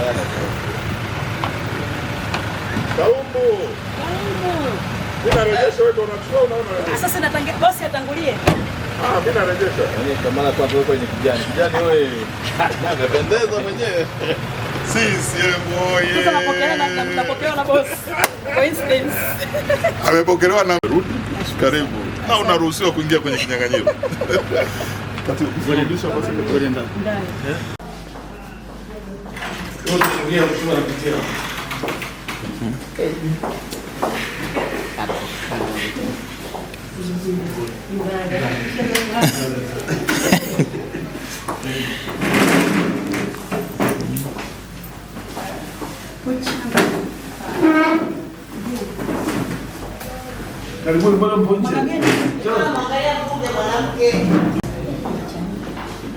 Ah, sasa natangia bosi atangulie. Ah, mimi narejesha. Kama na kwapo kwenye kijani. Kijani wewe. Unapendeza mwenyewe. Sisi moye. Eh, sasa napokelewa na napokelewa na bosi. Coincidence. Amepokelewa na rudi. Karibu. Na unaruhusiwa kuingia kwenye kinyang'anyiro. Kati kuzurudisha basi kwa ndani wote sheria Karibuni bwana Mbonje.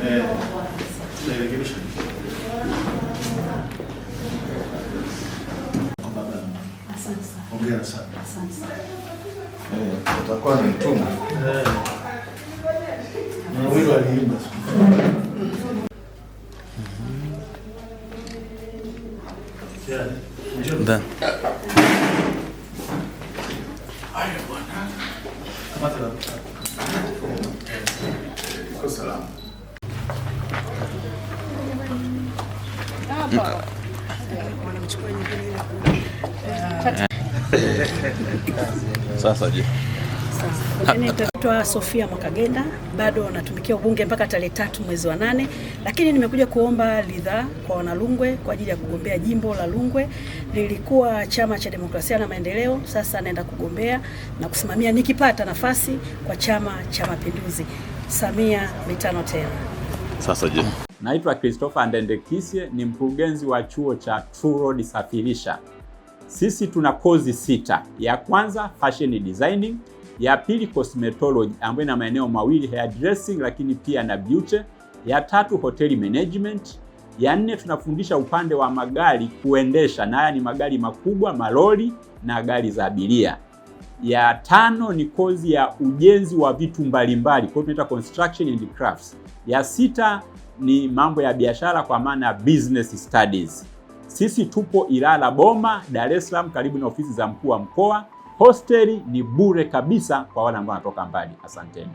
Eh. hongera sana. Eh, utakuwa ni mtuma eh. mwili aliimba sasa je, naitwa Sofia Mwakagenda, bado natumikia ubunge mpaka tarehe tatu mwezi wa nane, lakini nimekuja kuomba ridhaa kwa wanalungwe kwa ajili ya kugombea jimbo la Lungwe. Nilikuwa chama cha demokrasia na maendeleo, sasa naenda kugombea na kusimamia nikipata nafasi kwa chama cha mapinduzi. Samia mitano tena. Sasa je, naitwa Christopher Ndendekisye, ni mkurugenzi wa chuo cha True Road Safirisha. Sisi tuna kozi sita. Ya kwanza fashion designing, ya pili cosmetology ambayo ina maeneo mawili hair dressing, lakini pia na beauty. Ya tatu hotel management. Ya nne tunafundisha upande wa magari kuendesha, na haya ni magari makubwa, malori na gari za abiria. Ya tano ni kozi ya ujenzi wa vitu mbalimbali, kwa hiyo tunaita construction and crafts. Ya sita ni mambo ya biashara kwa maana business studies. Sisi tupo Ilala Boma, Dar es Salaam, karibu na ofisi za mkuu wa mkoa. Hosteli ni bure kabisa kwa wale ambao wanatoka mbali. Asanteni.